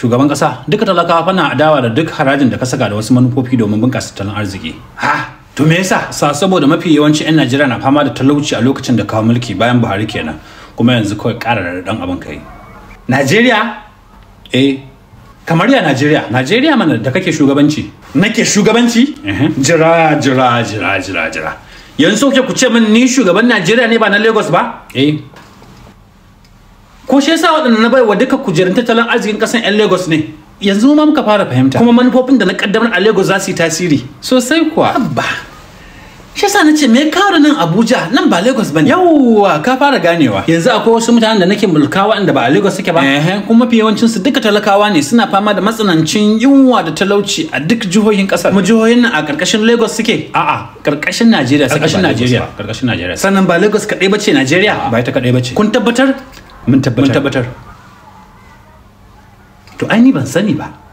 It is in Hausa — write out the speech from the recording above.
shugaban kasa duka talakawa fana adawa da duk harajin da ka saka da wasu manufofi domin bunƙasa tattalin arziki ha to me yasa sa saboda mafi yawanci 'yan najeriya na fama da talauci a lokacin da kawo mulki bayan buhari kenan kuma yanzu kawai ƙara da ɗan abin kai najeriya eh kamar ya najeriya najeriya mana da kake shugabanci nake shugabanci jira jira jira jira jira yanzu kuke ku ce min ni shugaban najeriya ne ba na lagos ba eh ko shi yasa waɗanda na baiwa duka kujerun tattalin arzikin ƙasar 'yan Lagos ne yanzu ma muka fara fahimta kuma manufofin da na kaddamar a Lagos za su yi tasiri sosai kuwa abba shi yasa na ce me kawo nan Abuja nan ba Lagos bane yawwa ka fara ganewa yanzu akwai wasu mutanen da nake mulka waɗanda ba a Lagos suke ba eh kuma fi yawancin duka talakawa ne suna fama da matsanancin yunwa da talauci a duk jihohin kasar mu jihohin nan a karkashin Lagos suke a'a karkashin Najeriya karkashin Najeriya Najeriya sannan ba Lagos kadai bace Najeriya ba ita kadai bace kun tabbatar mun tabbatar to ai ni ban sani ba